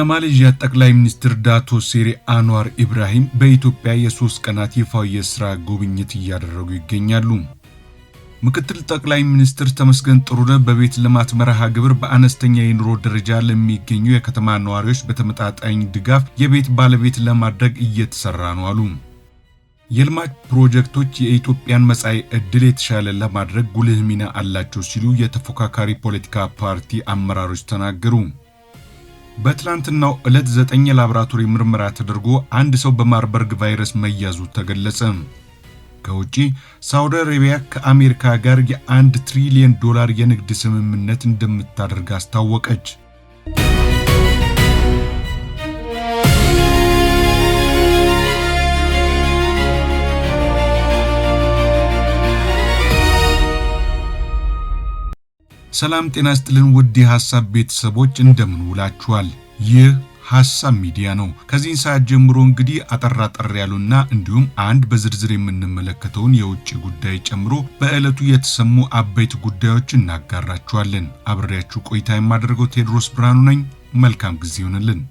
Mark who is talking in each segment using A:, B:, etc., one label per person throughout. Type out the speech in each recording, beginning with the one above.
A: የማሌዥያ ጠቅላይ ሚኒስትር ዳቶ ሴሪ አንዋር ኢብራሂም በኢትዮጵያ የሶስት ቀናት ይፋዊ የስራ ጉብኝት እያደረጉ ይገኛሉ። ምክትል ጠቅላይ ሚኒስትር ተመስገን ጥሩነህ በቤት ልማት መርሃ ግብር በአነስተኛ የኑሮ ደረጃ ለሚገኙ የከተማ ነዋሪዎች በተመጣጣኝ ድጋፍ የቤት ባለቤት ለማድረግ እየተሰራ ነው አሉ። የልማት ፕሮጀክቶች የኢትዮጵያን መጻኢ ዕድል የተሻለ ለማድረግ ጉልህ ሚና አላቸው ሲሉ የተፎካካሪ ፖለቲካ ፓርቲ አመራሮች ተናገሩ። በትላንትናው ዕለት ዘጠኝ የላብራቶሪ ምርመራ ተደርጎ አንድ ሰው በማርበርግ ቫይረስ መያዙ ተገለጸ። ከውጪ ሳውዲ አረቢያ ከአሜሪካ ጋር የአንድ ትሪሊየን ዶላር የንግድ ስምምነት እንደምታደርግ አስታወቀች። ሰላም ጤና ስጥልን ውድ የሐሳብ ቤተሰቦች እንደምን ውላችኋል። ይህ ሐሳብ ሚዲያ ነው። ከዚህን ሰዓት ጀምሮ እንግዲህ አጠር አጠር ያሉና እንዲሁም አንድ በዝርዝር የምንመለከተውን የውጭ ጉዳይ ጨምሮ በዕለቱ የተሰሙ አበይት ጉዳዮች እናጋራችኋለን። አብሬያችሁ ቆይታ የማደርገው ቴዎድሮስ ብርሃኑ ነኝ። መልካም ጊዜ ይሆንልን።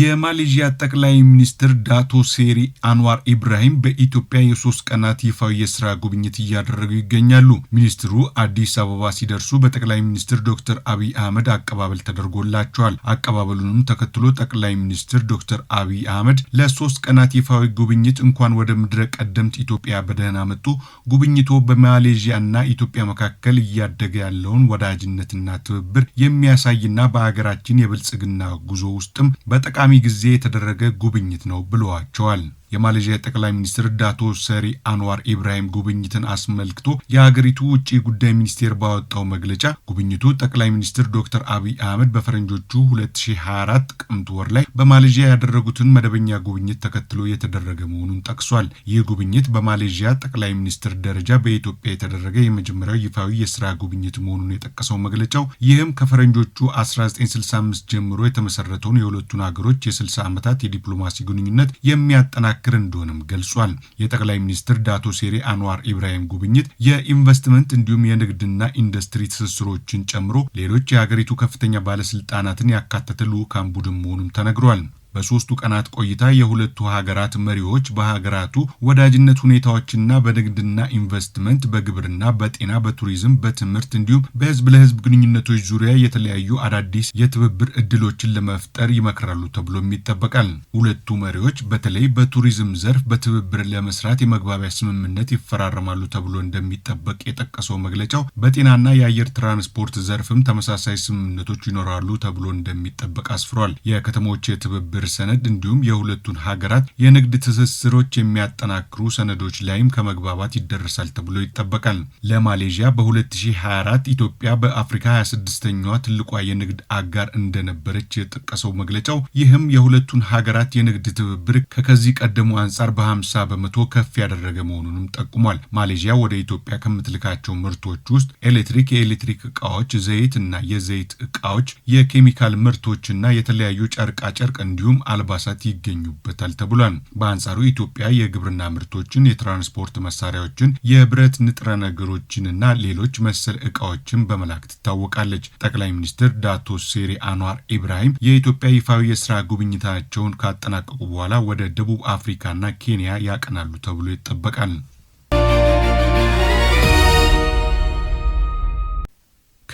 A: የማሌዥያ ጠቅላይ ሚኒስትር ዳቶ ሴሪ አንዋር ኢብራሂም በኢትዮጵያ የሶስት ቀናት ይፋዊ የስራ ጉብኝት እያደረጉ ይገኛሉ። ሚኒስትሩ አዲስ አበባ ሲደርሱ በጠቅላይ ሚኒስትር ዶክተር አብይ አህመድ አቀባበል ተደርጎላቸዋል። አቀባበሉንም ተከትሎ ጠቅላይ ሚኒስትር ዶክተር አብይ አህመድ ለሶስት ቀናት ይፋዊ ጉብኝት እንኳን ወደ ምድረ ቀደምት ኢትዮጵያ በደህና መጡ፣ ጉብኝቶ በማሌዥያ ኢትዮጵያ መካከል እያደገ ያለውን ወዳጅነትና ትብብር የሚያሳይና በሀገራችን የብልጽግና ጉዞ ውስጥም በጠ ጠቃሚ ጊዜ የተደረገ ጉብኝት ነው ብለዋቸዋል። የማሌዥያ ጠቅላይ ሚኒስትር ዳቶ ሰሪ አንዋር ኢብራሂም ጉብኝትን አስመልክቶ የሀገሪቱ ውጭ ጉዳይ ሚኒስቴር ባወጣው መግለጫ ጉብኝቱ ጠቅላይ ሚኒስትር ዶክተር አብይ አህመድ በፈረንጆቹ 2024 ጥቅምት ወር ላይ በማሌዥያ ያደረጉትን መደበኛ ጉብኝት ተከትሎ የተደረገ መሆኑን ጠቅሷል። ይህ ጉብኝት በማሌዥያ ጠቅላይ ሚኒስትር ደረጃ በኢትዮጵያ የተደረገ የመጀመሪያው ይፋዊ የስራ ጉብኝት መሆኑን የጠቀሰው መግለጫው ይህም ከፈረንጆቹ 1965 ጀምሮ የተመሰረተውን የሁለቱን ሀገሮች የ60 ዓመታት የዲፕሎማሲ ግንኙነት የሚያጠና የሚያጠናክር እንደሆነም ገልጿል። የጠቅላይ ሚኒስትር ዳቶ ሴሪ አንዋር ኢብራሂም ጉብኝት የኢንቨስትመንት እንዲሁም የንግድና ኢንዱስትሪ ትስስሮችን ጨምሮ ሌሎች የሀገሪቱ ከፍተኛ ባለስልጣናትን ያካተተ ልዑካን ቡድን መሆኑም ተነግሯል። በሶስቱ ቀናት ቆይታ የሁለቱ ሀገራት መሪዎች በሀገራቱ ወዳጅነት ሁኔታዎችና በንግድና ኢንቨስትመንት፣ በግብርና፣ በጤና፣ በቱሪዝም፣ በትምህርት እንዲሁም በህዝብ ለህዝብ ግንኙነቶች ዙሪያ የተለያዩ አዳዲስ የትብብር እድሎችን ለመፍጠር ይመክራሉ ተብሎም ይጠበቃል። ሁለቱ መሪዎች በተለይ በቱሪዝም ዘርፍ በትብብር ለመስራት የመግባቢያ ስምምነት ይፈራረማሉ ተብሎ እንደሚጠበቅ የጠቀሰው መግለጫው በጤናና የአየር ትራንስፖርት ዘርፍም ተመሳሳይ ስምምነቶች ይኖራሉ ተብሎ እንደሚጠበቅ አስፍሯል። የከተሞች የትብብር የብድር ሰነድ እንዲሁም የሁለቱን ሀገራት የንግድ ትስስሮች የሚያጠናክሩ ሰነዶች ላይም ከመግባባት ይደረሳል ተብሎ ይጠበቃል። ለማሌዥያ በ2024 ኢትዮጵያ በአፍሪካ 26ኛዋ ትልቋ የንግድ አጋር እንደነበረች የጠቀሰው መግለጫው ይህም የሁለቱን ሀገራት የንግድ ትብብር ከከዚህ ቀደሙ አንጻር በ50 በመቶ ከፍ ያደረገ መሆኑንም ጠቁሟል። ማሌዥያ ወደ ኢትዮጵያ ከምትልካቸው ምርቶች ውስጥ ኤሌክትሪክ፣ የኤሌክትሪክ እቃዎች፣ ዘይት እና የዘይት እቃዎች፣ የኬሚካል ምርቶችና የተለያዩ ጨርቃጨርቅ እንዲሁም እንዲሁም አልባሳት ይገኙበታል ተብሏል። በአንጻሩ ኢትዮጵያ የግብርና ምርቶችን፣ የትራንስፖርት መሳሪያዎችን፣ የብረት ንጥረ ነገሮችንና ሌሎች መሰል እቃዎችን በመላክ ትታወቃለች። ጠቅላይ ሚኒስትር ዳቶ ሴሪ አንዋር ኢብራሂም የኢትዮጵያ ይፋዊ የስራ ጉብኝታቸውን ካጠናቀቁ በኋላ ወደ ደቡብ አፍሪካና ኬንያ ያቀናሉ ተብሎ ይጠበቃል።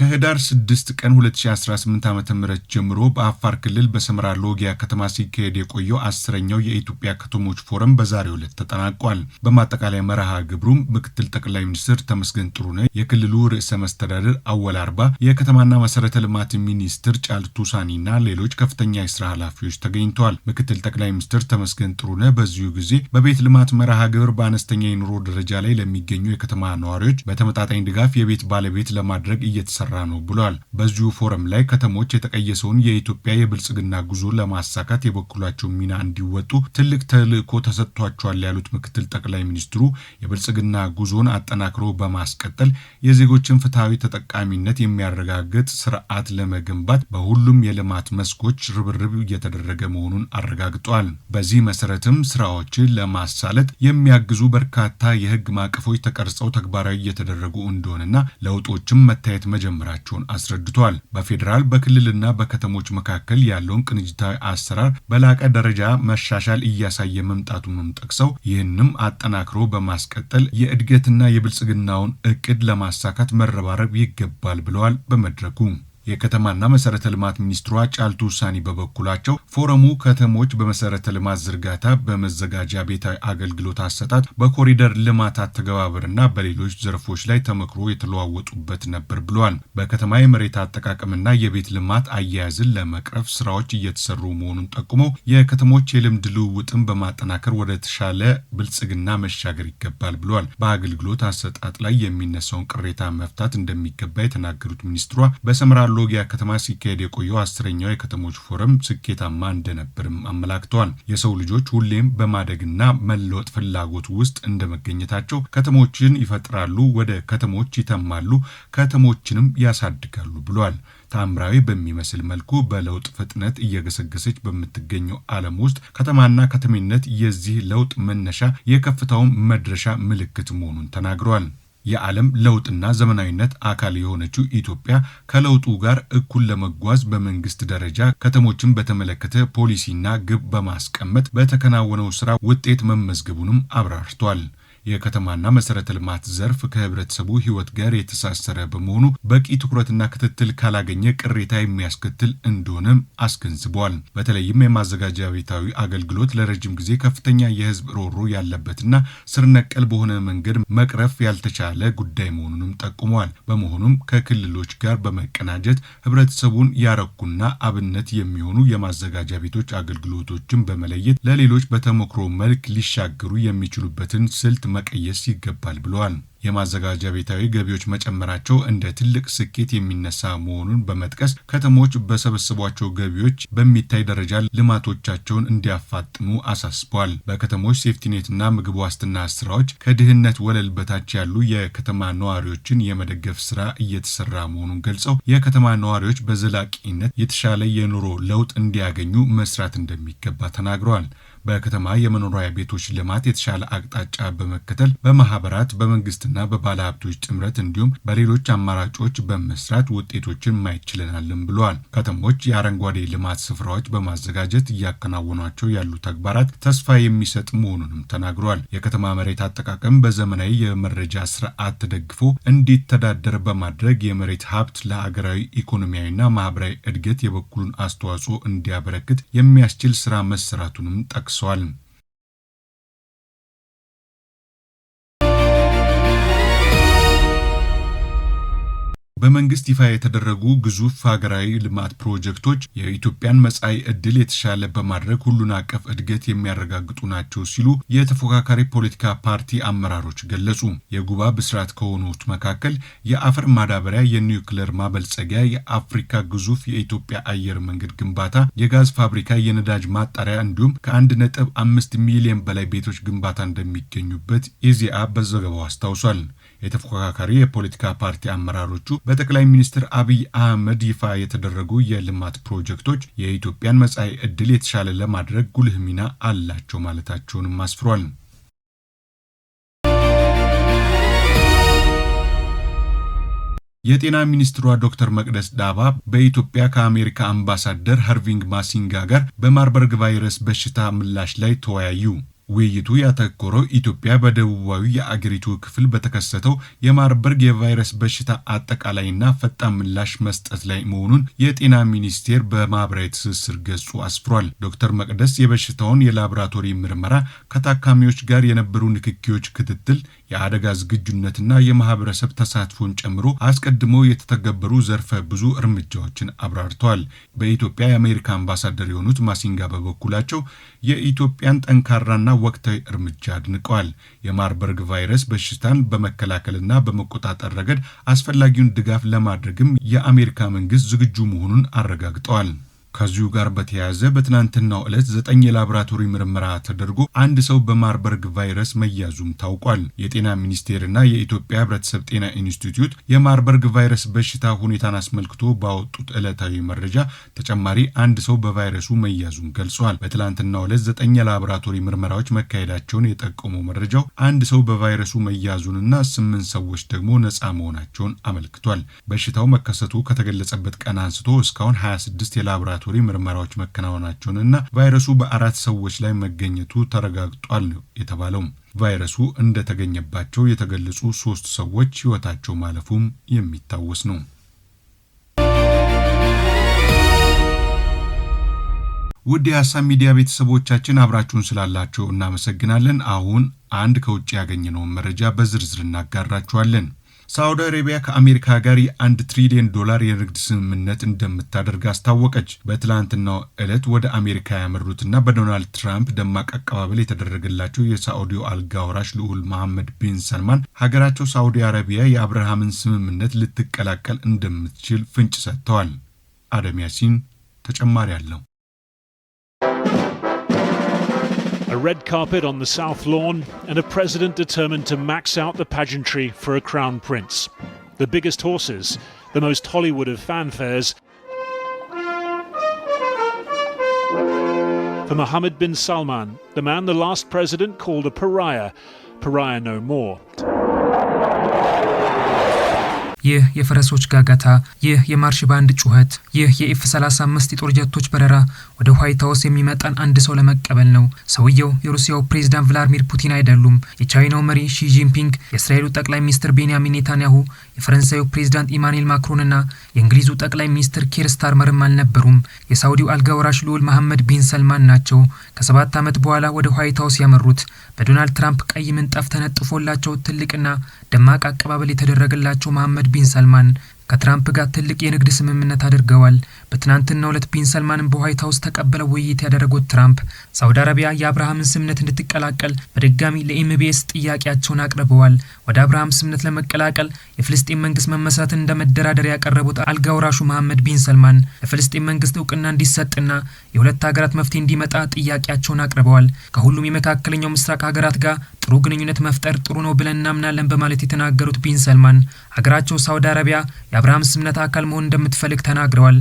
A: ከህዳር 6 ቀን 2018 ዓ ም ጀምሮ በአፋር ክልል በሰመራ ሎጊያ ከተማ ሲካሄድ የቆየው አስረኛው የኢትዮጵያ ከተሞች ፎረም በዛሬው ዕለት ተጠናቋል። በማጠቃለያ መርሃ ግብሩም ምክትል ጠቅላይ ሚኒስትር ተመስገን ጥሩነህ፣ የክልሉ ርዕሰ መስተዳደር አወል አርባ፣ የከተማና መሰረተ ልማት ሚኒስትር ጫልቱ ሳኒና ሌሎች ከፍተኛ የስራ ኃላፊዎች ተገኝተዋል። ምክትል ጠቅላይ ሚኒስትር ተመስገን ጥሩነህ በዚሁ ጊዜ በቤት ልማት መርሃ ግብር በአነስተኛ የኑሮ ደረጃ ላይ ለሚገኙ የከተማ ነዋሪዎች በተመጣጣኝ ድጋፍ የቤት ባለቤት ለማድረግ እየተሰራ እየሰራ ነው ብሏል። በዚሁ ፎረም ላይ ከተሞች የተቀየሰውን የኢትዮጵያ የብልጽግና ጉዞ ለማሳካት የበኩላቸውን ሚና እንዲወጡ ትልቅ ተልዕኮ ተሰጥቷቸዋል ያሉት ምክትል ጠቅላይ ሚኒስትሩ የብልጽግና ጉዞን አጠናክሮ በማስቀጠል የዜጎችን ፍትሐዊ ተጠቃሚነት የሚያረጋግጥ ስርዓት ለመገንባት በሁሉም የልማት መስኮች ርብርብ እየተደረገ መሆኑን አረጋግጧል። በዚህ መሰረትም ስራዎችን ለማሳለጥ የሚያግዙ በርካታ የህግ ማዕቀፎች ተቀርጸው ተግባራዊ እየተደረጉ እንደሆነና ለውጦችም መታየት መጀመ መጀመራቸውን አስረድቷል። በፌዴራል በክልልና በከተሞች መካከል ያለውን ቅንጅታዊ አሰራር በላቀ ደረጃ መሻሻል እያሳየ መምጣቱንም ጠቅሰው ይህንም አጠናክሮ በማስቀጠል የእድገትና የብልጽግናውን እቅድ ለማሳካት መረባረብ ይገባል ብለዋል። በመድረኩ የከተማና መሰረተ ልማት ሚኒስትሯ ጫልቱ ውሳኔ በበኩላቸው ፎረሙ ከተሞች በመሰረተ ልማት ዝርጋታ፣ በመዘጋጃ ቤታዊ አገልግሎት አሰጣጥ፣ በኮሪደር ልማት አተገባበርና በሌሎች ዘርፎች ላይ ተመክሮ የተለዋወጡበት ነበር ብለዋል። በከተማ የመሬት አጠቃቀምና የቤት ልማት አያያዝን ለመቅረፍ ስራዎች እየተሰሩ መሆኑን ጠቁመው የከተሞች የልምድ ልውውጥን በማጠናከር ወደ ተሻለ ብልጽግና መሻገር ይገባል ብለዋል። በአገልግሎት አሰጣጥ ላይ የሚነሳውን ቅሬታ መፍታት እንደሚገባ የተናገሩት ሚኒስትሯ በሰምራሎ ሎጊያ ከተማ ሲካሄድ የቆየው አስረኛው የከተሞች ፎረም ስኬታማ እንደነበርም አመላክተዋል። የሰው ልጆች ሁሌም በማደግና መለወጥ ፍላጎት ውስጥ እንደመገኘታቸው ከተሞችን ይፈጥራሉ፣ ወደ ከተሞች ይተማሉ፣ ከተሞችንም ያሳድጋሉ ብሏል። ታምራዊ በሚመስል መልኩ በለውጥ ፍጥነት እየገሰገሰች በምትገኘው ዓለም ውስጥ ከተማና ከተሜነት የዚህ ለውጥ መነሻ የከፍታውን መድረሻ ምልክት መሆኑን ተናግረዋል። የዓለም ለውጥና ዘመናዊነት አካል የሆነችው ኢትዮጵያ ከለውጡ ጋር እኩል ለመጓዝ በመንግስት ደረጃ ከተሞችን በተመለከተ ፖሊሲና ግብ በማስቀመጥ በተከናወነው ስራ ውጤት መመዝገቡንም አብራርቷል። የከተማና መሰረተ ልማት ዘርፍ ከህብረተሰቡ ህይወት ጋር የተሳሰረ በመሆኑ በቂ ትኩረትና ክትትል ካላገኘ ቅሬታ የሚያስከትል እንደሆነም አስገንዝቧል። በተለይም የማዘጋጃ ቤታዊ አገልግሎት ለረጅም ጊዜ ከፍተኛ የህዝብ ሮሮ ያለበትና ስር ነቀል በሆነ መንገድ መቅረፍ ያልተቻለ ጉዳይ መሆኑንም ጠቁመዋል። በመሆኑም ከክልሎች ጋር በመቀናጀት ህብረተሰቡን ያረኩና አብነት የሚሆኑ የማዘጋጃ ቤቶች አገልግሎቶችን በመለየት ለሌሎች በተሞክሮ መልክ ሊሻገሩ የሚችሉበትን ስልት መቀየስ ይገባል ብለዋል። የማዘጋጃ ቤታዊ ገቢዎች መጨመራቸው እንደ ትልቅ ስኬት የሚነሳ መሆኑን በመጥቀስ ከተሞች በሰበሰቧቸው ገቢዎች በሚታይ ደረጃ ልማቶቻቸውን እንዲያፋጥኑ አሳስቧል። በከተሞች ሴፍቲኔትና ምግብ ዋስትና ስራዎች ከድህነት ወለል በታች ያሉ የከተማ ነዋሪዎችን የመደገፍ ስራ እየተሰራ መሆኑን ገልጸው የከተማ ነዋሪዎች በዘላቂነት የተሻለ የኑሮ ለውጥ እንዲያገኙ መስራት እንደሚገባ ተናግረዋል። በከተማ የመኖሪያ ቤቶች ልማት የተሻለ አቅጣጫ በመከተል በማህበራት በመንግስትና በባለሀብቶች ጥምረት እንዲሁም በሌሎች አማራጮች በመስራት ውጤቶችን ማየት ችለናልን ብለዋል። ከተሞች የአረንጓዴ ልማት ስፍራዎች በማዘጋጀት እያከናወኗቸው ያሉ ተግባራት ተስፋ የሚሰጥ መሆኑንም ተናግረዋል። የከተማ መሬት አጠቃቀም በዘመናዊ የመረጃ ስርዓት ተደግፎ እንዲተዳደር በማድረግ የመሬት ሀብት ለሀገራዊ ኢኮኖሚያዊና ማህበራዊ እድገት የበኩሉን አስተዋጽኦ እንዲያበረክት የሚያስችል ስራ መሰራቱንም ጠቅሰዋል። sexual በመንግስት ይፋ የተደረጉ ግዙፍ ሀገራዊ ልማት ፕሮጀክቶች የኢትዮጵያን መጻኢ ዕድል የተሻለ በማድረግ ሁሉን አቀፍ እድገት የሚያረጋግጡ ናቸው ሲሉ የተፎካካሪ ፖለቲካ ፓርቲ አመራሮች ገለጹ። የጉባ ብስራት ከሆኑት መካከል የአፈር ማዳበሪያ፣ የኒውክሌር ማበልጸጊያ፣ የአፍሪካ ግዙፍ የኢትዮጵያ አየር መንገድ ግንባታ፣ የጋዝ ፋብሪካ፣ የነዳጅ ማጣሪያ እንዲሁም ከአንድ ነጥብ አምስት ሚሊዮን በላይ ቤቶች ግንባታ እንደሚገኙበት ኢዜአ በዘገባው አስታውሷል። የተፎካካሪ የፖለቲካ ፓርቲ አመራሮቹ በጠቅላይ ሚኒስትር አብይ አህመድ ይፋ የተደረጉ የልማት ፕሮጀክቶች የኢትዮጵያን መጻኢ ዕድል የተሻለ ለማድረግ ጉልህ ሚና አላቸው ማለታቸውንም አስፍሯል። የጤና ሚኒስትሯ ዶክተር መቅደስ ዳባ በኢትዮጵያ ከአሜሪካ አምባሳደር ሀርቪንግ ማሲንጋ ጋር በማርበርግ ቫይረስ በሽታ ምላሽ ላይ ተወያዩ። ውይይቱ ያተኮረው ኢትዮጵያ በደቡባዊ የአገሪቱ ክፍል በተከሰተው የማርበርግ የቫይረስ በሽታ አጠቃላይና ፈጣን ምላሽ መስጠት ላይ መሆኑን የጤና ሚኒስቴር በማህበራዊ ትስስር ገጹ አስፍሯል። ዶክተር መቅደስ የበሽታውን የላቦራቶሪ ምርመራ፣ ከታካሚዎች ጋር የነበሩ ንክኪዎች ክትትል፣ የአደጋ ዝግጁነትና የማህበረሰብ ተሳትፎን ጨምሮ አስቀድሞ የተተገበሩ ዘርፈ ብዙ እርምጃዎችን አብራርተዋል። በኢትዮጵያ የአሜሪካ አምባሳደር የሆኑት ማሲንጋ በበኩላቸው የኢትዮጵያን ጠንካራና ወቅታዊ እርምጃ አድንቀዋል። የማርበርግ ቫይረስ በሽታን በመከላከልና በመቆጣጠር ረገድ አስፈላጊውን ድጋፍ ለማድረግም የአሜሪካ መንግስት ዝግጁ መሆኑን አረጋግጠዋል። ከዚሁ ጋር በተያያዘ በትናንትናው ዕለት ዘጠኝ የላቦራቶሪ ምርመራ ተደርጎ አንድ ሰው በማርበርግ ቫይረስ መያዙም ታውቋል። የጤና ሚኒስቴርና የኢትዮጵያ ሕብረተሰብ ጤና ኢንስቲትዩት የማርበርግ ቫይረስ በሽታ ሁኔታን አስመልክቶ ባወጡት ዕለታዊ መረጃ ተጨማሪ አንድ ሰው በቫይረሱ መያዙን ገልጿል። በትናንትናው ዕለት ዘጠኝ የላቦራቶሪ ምርመራዎች መካሄዳቸውን የጠቀመው መረጃው አንድ ሰው በቫይረሱ መያዙንና ስምንት ሰዎች ደግሞ ነጻ መሆናቸውን አመልክቷል። በሽታው መከሰቱ ከተገለጸበት ቀን አንስቶ እስካሁን 26 የላቦራ ላቦራቶሪ ምርመራዎች መከናወናቸውንና ቫይረሱ በአራት ሰዎች ላይ መገኘቱ ተረጋግጧል ነው የተባለው። ቫይረሱ እንደተገኘባቸው የተገለጹ ሶስት ሰዎች ሕይወታቸው ማለፉም የሚታወስ ነው። ውድ የሀሳብ ሚዲያ ቤተሰቦቻችን አብራችሁን ስላላቸው እናመሰግናለን። አሁን አንድ ከውጭ ያገኘነውን መረጃ በዝርዝር እናጋራችኋለን። ሳውዲ አረቢያ ከአሜሪካ ጋር የአንድ ትሪሊየን ዶላር የንግድ ስምምነት እንደምታደርግ አስታወቀች። በትላንትናው ዕለት ወደ አሜሪካ ያመሩትና በዶናልድ ትራምፕ ደማቅ አቀባበል የተደረገላቸው የሳዑዲው አልጋ ወራሽ ልዑል መሐመድ ቢን ሰልማን ሀገራቸው ሳዑዲ አረቢያ የአብርሃምን ስምምነት ልትቀላቀል እንደምትችል ፍንጭ ሰጥተዋል። አደም ያሲን ተጨማሪ አለው።
B: a red carpet on the South Lawn, and a president determined to max out the pageantry for a crown prince. The biggest horses, the most Hollywood of fanfares. For Mohammed bin Salman, the man the last president called a pariah, pariah no more.
C: ይህ የፈረሶች ጋጋታ፣ ይህ የማርሽ ባንድ ጩኸት፣ ይህ የኤፍ 35 የጦር ጀቶች በረራ ወደ ዋይት ሀውስ የሚመጣን አንድ ሰው ለመቀበል ነው። ሰውየው የሩሲያው ፕሬዝዳንት ቭላድሚር ፑቲን አይደሉም፣ የቻይናው መሪ ሺ ጂንፒንግ፣ የእስራኤሉ ጠቅላይ ሚኒስትር ቤንያሚን ኔታንያሁ፣ የፈረንሳዩ ፕሬዚዳንት ኢማኑኤል ማክሮንና የእንግሊዙ ጠቅላይ ሚኒስትር ኬር ስታርመርም አልነበሩም። የሳውዲው አልጋ ወራሽ ልዑል መሐመድ ቢን ሰልማን ናቸው ከሰባት ዓመት በኋላ ወደ ዋይት ሀውስ ያመሩት። በዶናልድ ትራምፕ ቀይ ምንጣፍ ተነጥፎላቸው ትልቅና ደማቅ አቀባበል የተደረገላቸው መሐመድ ቢን ሰልማን ከትራምፕ ጋር ትልቅ የንግድ ስምምነት አድርገዋል። በትናንትናው ዕለት ቢን ሰልማንን በዋይት ሀውስ ተቀብለው ውይይት ያደረጉት ትራምፕ ሳውዲ አረቢያ የአብርሃምን ስምነት እንድትቀላቀል በድጋሚ ለኤምቢኤስ ጥያቄያቸውን አቅርበዋል። ወደ አብርሃም ስምነት ለመቀላቀል የፍልስጤን መንግስት መመስረትን እንደ ያቀረቡት አልጋ መሐመድ ቢን ሰልማን ለፍልስጤን መንግስት እውቅና እንዲሰጥና የሁለት ሀገራት መፍትሄ እንዲመጣ ጥያቄያቸውን አቅርበዋል። ከሁሉም የመካከለኛው ምስራቅ ሀገራት ጋር ጥሩ ግንኙነት መፍጠር ጥሩ ነው ብለን እናምናለን በማለት የተናገሩት ቢን ሰልማን ሀገራቸው ሳውዲ አረቢያ የአብርሃም ስምነት አካል መሆን እንደምትፈልግ ተናግረዋል።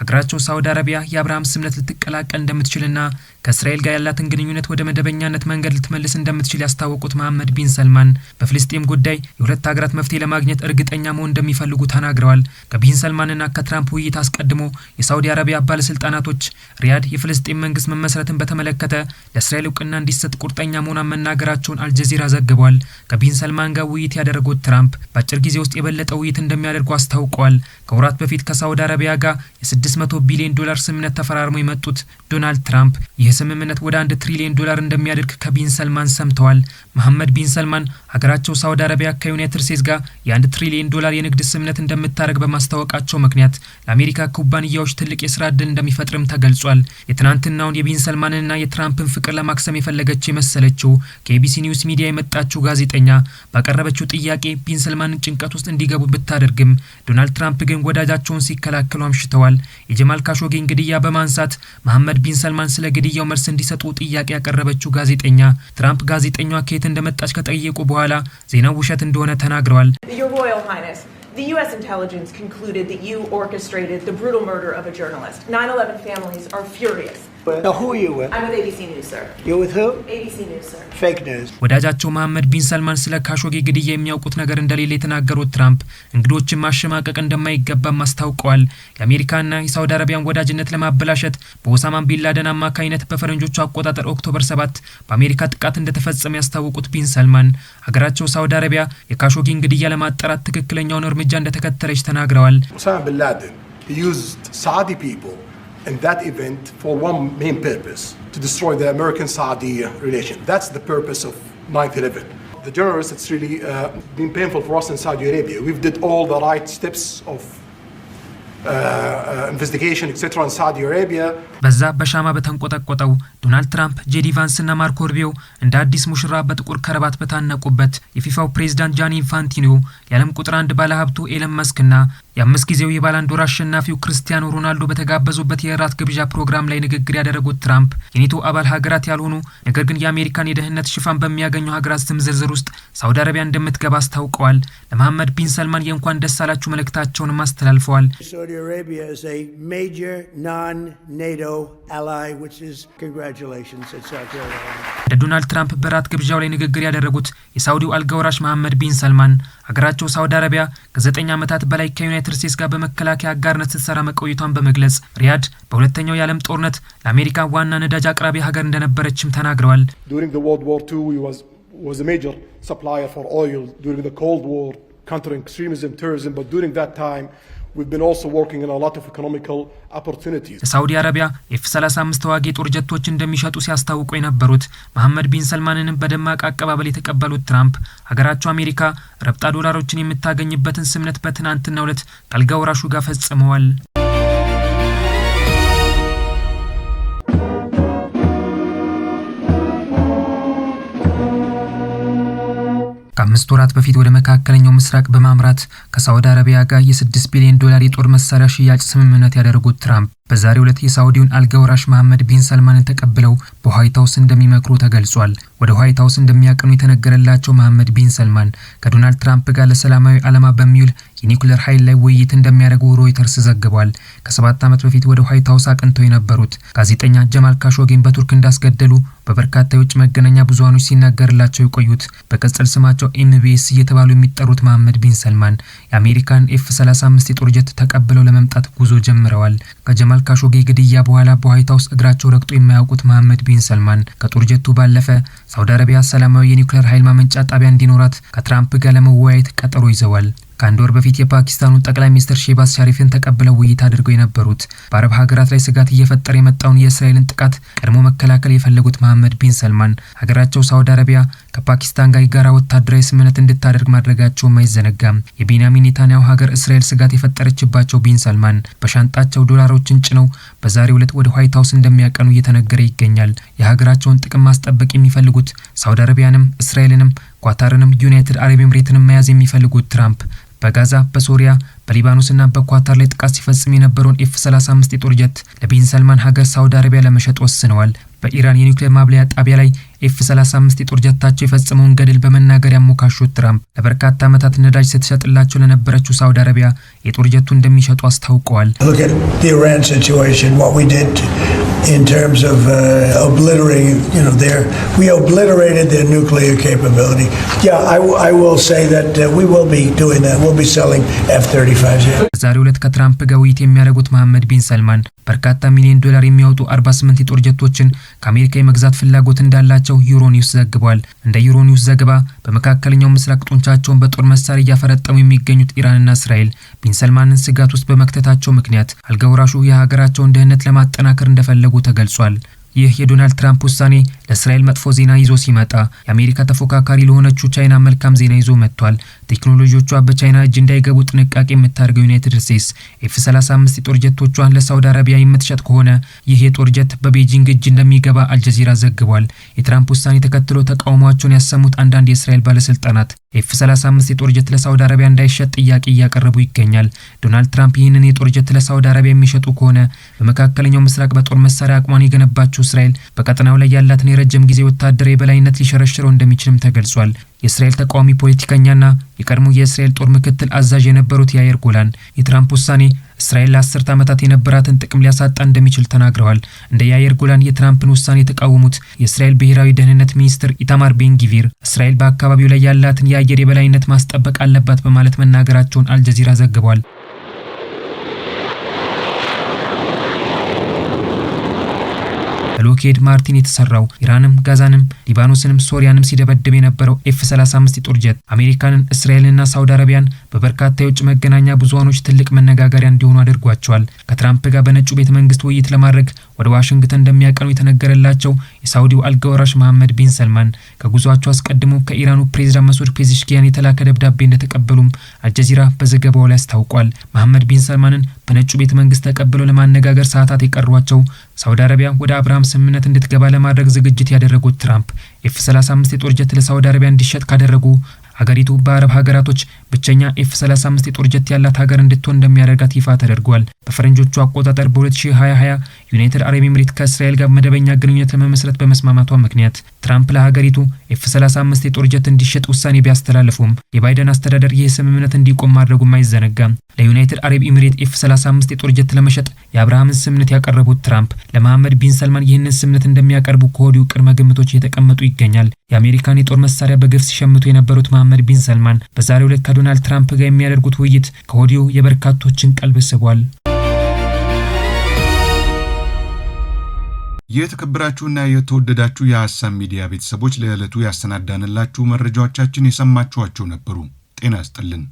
C: ሀገራቸው uh, uh, ሳውዲ አረቢያ የአብርሃም ስምነት ልትቀላቀል እንደምትችልና ከእስራኤል ጋር ያላትን ግንኙነት ወደ መደበኛነት መንገድ ልትመልስ እንደምትችል ያስታወቁት መሐመድ ቢን ሰልማን በፍልስጤም ጉዳይ የሁለት ሀገራት መፍትሄ ለማግኘት እርግጠኛ መሆን እንደሚፈልጉ ተናግረዋል። ከቢን ሰልማንና ከትራምፕ ውይይት አስቀድሞ የሳውዲ አረቢያ ባለስልጣናቶች ሪያድ የፍልስጤም መንግስት መመስረትን በተመለከተ ለእስራኤል እውቅና እንዲሰጥ ቁርጠኛ መሆኗን መናገራቸውን አልጀዚራ ዘግቧል። ከቢን ሰልማን ጋር ውይይት ያደረጉት ትራምፕ በአጭር ጊዜ ውስጥ የበለጠ ውይይት እንደሚያደርጉ አስታውቀዋል። ከወራት በፊት ከሳውዲ አረቢያ ጋር የ600 ቢሊዮን ዶላር ስምምነት ተፈራርሞ የመጡት ዶናልድ ትራምፕ ይህ ስምምነት ወደ አንድ ትሪሊዮን ዶላር እንደሚያደርግ ከቢን ሰልማን ሰምተዋል። መሐመድ ቢን ሰልማን ሀገራቸው ሳውዲ አረቢያ ከዩናይትድ ስቴትስ ጋር የአንድ ትሪሊዮን ዶላር የንግድ ስምምነት እንደምታደርግ በማስታወቃቸው ምክንያት ለአሜሪካ ኩባንያዎች ትልቅ የስራ እድል እንደሚፈጥርም ተገልጿል። የትናንትናውን የቢን ሰልማንንና የትራምፕን ፍቅር ለማክሰም የፈለገች የመሰለችው ከኤቢሲ ኒውስ ሚዲያ የመጣችው ጋዜጠኛ ባቀረበችው ጥያቄ ቢን ሰልማንን ጭንቀት ውስጥ እንዲገቡ ብታደርግም ዶናልድ ትራምፕ ግን ወዳጃቸውን ሲከላከሉ አምሽተዋል። የጀማል ካሾጌን ግድያ በማንሳት መሐመድ ቢን ሰልማን ስለ ግድያው ጊዜያዊ መልስ እንዲሰጡ ጥያቄ ያቀረበችው ጋዜጠኛ ትራምፕ ጋዜጠኛ ከየት እንደመጣች ከጠየቁ በኋላ ዜናው ውሸት እንደሆነ ተናግረዋል።
D: The U.S. intelligence concluded that you orchestrated the brutal murder of a journalist. 9 11 families are furious.
E: ነው
C: ወዳጃቸው መሐመድ ቢን ሰልማን ስለ ካሾጌ ግድያ የሚያውቁት ነገር እንደሌለ የተናገሩት ትራምፕ እንግዶችን ማሸማቀቅ እንደማይገባም አስታውቀዋል። የአሜሪካና የሳውዲ አረቢያን ወዳጅነት ለማበላሸት በኦሳማን ቢንላደን አማካኝነት በፈረንጆቹ አቆጣጠር ኦክቶበር 7 በአሜሪካ ጥቃት እንደተፈጸመ ያስታወቁት ቢን ሰልማን ሀገራቸው ሳውዲ አረቢያ የካሾጌን ግድያ ለማጣራት ትክክለኛውን እርምጃ እንደተከተለች ተናግረዋል።
F: ኦሳማ ቢንላደን in that event for one main purpose to destroy the American Saudi relation. That's the purpose of 9 11. The journalists, it's really uh, been painful for us in Saudi Arabia. We've did all the right steps of
C: በዛ በሻማ በተንቆጠቆጠው ዶናልድ ትራምፕ ጄዲ ቫንስ እና ማርኮ ሩቢዮ እንደ አዲስ ሙሽራ በጥቁር ከረባት በታነቁበት የፊፋው ፕሬዚዳንት ጃኒ ኢንፋንቲኖ የዓለም ቁጥር አንድ ባለሀብቱ ኤለን መስክና የአምስት ጊዜው የባላንዶር አሸናፊው ክርስቲያኖ ሮናልዶ በተጋበዙበት የእራት ግብዣ ፕሮግራም ላይ ንግግር ያደረጉት ትራምፕ የኔቶ አባል ሀገራት ያልሆኑ ነገር ግን የአሜሪካን የደህንነት ሽፋን በሚያገኙ ሀገራት ስም ዝርዝር ውስጥ ሳውዲ አረቢያ እንደምትገባ አስታውቀዋል። ለመሐመድ ቢን ሰልማን የእንኳን ደስ አላችሁ መልእክታቸውንም አስተላልፈዋል።
G: ሜጀር ናን ኔቶ አላይ
C: እንደ ዶናልድ ትራምፕ በራት ግብዣው ላይ ንግግር ያደረጉት የሳውዲው አልጋወራሽ መሐመድ ቢን ሰልማን አገራቸው ሳውዲ አረቢያ ከዘጠኝ ዓመታት በላይ ከዩናይትድ ስቴትስ ጋር በመከላከያ አጋርነት ስትሰራ መቆየቷን በመግለጽ ሪያድ በሁለተኛው የዓለም ጦርነት ለአሜሪካ ዋና ነዳጅ አቅራቢ ሀገር እንደነበረችም ተናግረዋል። ሪንግ ከሳዑዲ አረቢያ ኤፍ 35 ተዋጊ ጦር ጀቶች እንደሚሸጡ ሲያስታውቁ የነበሩት መሐመድ ቢን ሰልማንንም በደማቅ አቀባበል የተቀበሉት ትራምፕ ሀገራቸው አሜሪካ ረብጣ ዶላሮችን የምታገኝበትን ስምነት በትናንትናው ዕለት ከአልጋ ወራሹ ጋር ፈጽመዋል። ከአምስት ወራት በፊት ወደ መካከለኛው ምስራቅ በማምራት ከሳዑዲ አረቢያ ጋር የ6 ቢሊዮን ዶላር የጦር መሳሪያ ሽያጭ ስምምነት ያደረጉት ትራምፕ በዛሬ ዕለት የሳዑዲውን አልገውራሽ መሐመድ ቢን ሰልማንን ተቀብለው በዋይት ሀውስ እንደሚመክሩ ተገልጿል። ወደ ዋይት ሀውስ እንደሚያቀኑ የተነገረላቸው መሐመድ ቢን ሰልማን ከዶናልድ ትራምፕ ጋር ለሰላማዊ ዓላማ በሚውል የኒኩሌር ኃይል ላይ ውይይት እንደሚያደርጉ ሮይተርስ ዘግቧል። ከሰባት ዓመት በፊት ወደ ዋይት ሀውስ አቅንተው የነበሩት ጋዜጠኛ ጀማል ካሾጌን በቱርክ እንዳስገደሉ በበርካታ የውጭ መገናኛ ብዙሃኖች ሲናገርላቸው የቆዩት በቅጽል ስማቸው ኤምቢኤስ እየተባሉ የሚጠሩት መሐመድ ቢን ሰልማን የአሜሪካን ኤፍ 35 የጦር ጀት ተቀብለው ለመምጣት ጉዞ ጀምረዋል። ከጀማል ከጀማል ካሾጌ ግድያ በኋላ በዋይት ሀውስ እግራቸው ረግጦ የማያውቁት መሐመድ ቢን ሰልማን ከጦር ጀቱ ባለፈ ሳውዲ አረቢያ ሰላማዊ የኒውክሌር ኃይል ማመንጫ ጣቢያ እንዲኖራት ከትራምፕ ጋር ለመወያየት ቀጠሮ ይዘዋል። ከአንድ ወር በፊት የፓኪስታኑን ጠቅላይ ሚኒስትር ሼባዝ ሻሪፍን ተቀብለው ውይይት አድርገው የነበሩት በአረብ ሀገራት ላይ ስጋት እየፈጠረ የመጣውን የእስራኤልን ጥቃት ቀድሞ መከላከል የፈለጉት መሐመድ ቢን ሰልማን ሀገራቸው ሳውዲ አረቢያ ከፓኪስታን ጋር የጋራ ወታደራዊ ስምምነት እንድታደርግ ማድረጋቸውም አይዘነጋም። የቤንያሚን ኔታንያሁ ሀገር እስራኤል ስጋት የፈጠረችባቸው ቢን ሰልማን በሻንጣቸው ዶላሮችን ጭነው በዛሬው ዕለት ወደ ዋይት ሀውስ እንደሚያቀኑ እየተነገረ ይገኛል። የሀገራቸውን ጥቅም ማስጠበቅ የሚፈልጉት ሳውዲ አረቢያንም እስራኤልንም ኳታርንም ዩናይትድ አረብ ኤምሬትንም መያዝ የሚፈልጉት ትራምፕ በጋዛ በሶሪያ በሊባኖስና በኳታር ላይ ጥቃት ሲፈጽም የነበረውን ኤፍ 35 የጦር ጀት ለቢን ሰልማን ሀገር ሳውዲ አረቢያ ለመሸጥ ወስነዋል። በኢራን የኒውክሌር ማብለያ ጣቢያ ላይ ኤፍ 35 የጦር ጀታቸው የፈጸመውን ገድል በመናገር ያሞካሹት ትራምፕ ለበርካታ ዓመታት ነዳጅ ስትሸጥላቸው ለነበረችው ሳውዲ አረቢያ የጦር ጀቱ እንደሚሸጡ አስታውቀዋል።
G: in terms of uh, obliterating, you know, their, we obliterated their nuclear capability. Yeah, I, I will say that uh, we will be doing that. We'll be selling F-35s.
C: ዛሬ ሁለት ከትራምፕ ጋር ውይይት የሚያደርጉት መሐመድ ቢን ሰልማን በርካታ ሚሊዮን ዶላር የሚያወጡ 48 የጦር ጀቶችን ከአሜሪካ የመግዛት ፍላጎት እንዳላቸው ዩሮኒውስ ዘግቧል። እንደ ዩሮኒውስ ዘገባ በመካከለኛው ምስራቅ ጡንቻቸውን በጦር መሳሪያ እያፈረጠሙ የሚገኙት ኢራንና እስራኤል ቢን ሰልማንን ስጋት ውስጥ በመክተታቸው ምክንያት አልገውራሹ የሀገራቸውን ደህንነት ለማጠናከር እንደፈለጉ ተገልጿል። ይህ የዶናልድ ትራምፕ ውሳኔ ለእስራኤል መጥፎ ዜና ይዞ ሲመጣ የአሜሪካ ተፎካካሪ ለሆነችው ቻይና መልካም ዜና ይዞ መጥቷል። ቴክኖሎጂዎቿ በቻይና እጅ እንዳይገቡ ጥንቃቄ የምታደርገው ዩናይትድ ስቴትስ ኤፍ 35 የጦር ጀቶቿን ለሳውዲ አረቢያ የምትሸጥ ከሆነ ይህ የጦር ጀት በቤጂንግ እጅ እንደሚገባ አልጀዚራ ዘግቧል። የትራምፕ ውሳኔ ተከትሎ ተቃውሟቸውን ያሰሙት አንዳንድ የእስራኤል ባለስልጣናት ኤፍ 35 የጦር ጀት ለሳውዲ አረቢያ እንዳይሸጥ ጥያቄ እያቀረቡ ይገኛል። ዶናልድ ትራምፕ ይህንን የጦር ጀት ለሳውዲ አረቢያ የሚሸጡ ከሆነ በመካከለኛው ምስራቅ በጦር መሳሪያ አቅሟን የገነባችው እስራኤል በቀጠናው ላይ ያላትን የረጅም ጊዜ ወታደር የበላይነት ሊሸረሽረው እንደሚችልም ተገልጿል። የእስራኤል ተቃዋሚ ፖለቲከኛና የቀድሞ የእስራኤል ጦር ምክትል አዛዥ የነበሩት የአየር ጎላን የትራምፕ ውሳኔ እስራኤል ለአስርተ ዓመታት የነበራትን ጥቅም ሊያሳጣ እንደሚችል ተናግረዋል። እንደ ያየር ጎላን የትራምፕን ውሳኔ የተቃወሙት የእስራኤል ብሔራዊ ደህንነት ሚኒስትር ኢታማር ቤንጊቪር እስራኤል በአካባቢው ላይ ያላትን የአየር የበላይነት ማስጠበቅ አለባት በማለት መናገራቸውን አልጀዚራ ዘግቧል። በሎኬድ ማርቲን የተሰራው ኢራንም ጋዛንም ሊባኖስንም ሶሪያንም ሲደበድብ የነበረው ኤፍ 35 የጦር ጀት አሜሪካንን እስራኤልንና ሳውዲ አረቢያን በበርካታ የውጭ መገናኛ ብዙሃኖች ትልቅ መነጋገሪያ እንዲሆኑ አድርጓቸዋል። ከትራምፕ ጋር በነጩ ቤተ መንግስት ውይይት ለማድረግ ወደ ዋሽንግተን እንደሚያቀኑ የተነገረላቸው የሳውዲው አልገወራሽ መሐመድ ቢን ሰልማን ከጉዟቸው አስቀድሞ ከኢራኑ ፕሬዚዳንት መስድ ፔዚሽኪያን የተላከ ደብዳቤ እንደተቀበሉም አልጀዚራ በዘገባው ላይ አስታውቋል። መሐመድ ቢን ሰልማንን በነጩ ቤተ መንግስት ተቀብለው ለማነጋገር ሰዓታት የቀሯቸው ሳውዲ አረቢያ ወደ አብርሃም ስምምነት እንድትገባ ለማድረግ ዝግጅት ያደረጉት ትራምፕ ኤፍ 35 የጦር ጀት ለሳውዲ አረቢያ እንዲሸጥ ካደረጉ አገሪቱ በአረብ ሀገራቶች ብቸኛ ኤፍ 35 የጦር ጀት ያላት ሀገር እንድትሆን እንደሚያደርጋት ይፋ ተደርጓል። በፈረንጆቹ አቆጣጠር በ2020 ዩናይትድ አረብ ኤምሬት ከእስራኤል ጋር መደበኛ ግንኙነት ለመመስረት በመስማማቷ ምክንያት ትራምፕ ለሀገሪቱ ኤፍ 35 የጦር ጀት እንዲሸጥ ውሳኔ ቢያስተላልፉም የባይደን አስተዳደር ይህ ስምምነት እንዲቆም ማድረጉም አይዘነጋም። ለዩናይትድ አረብ ኤምሬት ኤፍ 35 የጦር ጀት ለመሸጥ የአብርሃምን ስምምነት ያቀረቡት ትራምፕ ለመሐመድ ቢን ሰልማን ይህንን ስምምነት እንደሚያቀርቡ ከወዲሁ ቅድመ ግምቶች እየተቀመጡ ይገኛል። የአሜሪካን የጦር መሳሪያ በግፍ ሲሸምቱ የነበሩት መሐመድ ቢን ሰልማን በዛሬው ዕለት ከዶናልድ ትራምፕ ጋር የሚያደርጉት ውይይት ከወዲሁ የበርካቶችን ቀልብ ስቧል።
A: የተከበራችሁና የተወደዳችሁ የሀሳብ ሚዲያ ቤተሰቦች ለዕለቱ ያሰናዳንላችሁ መረጃዎቻችን የሰማችኋቸው ነበሩ። ጤና ያስጥልን።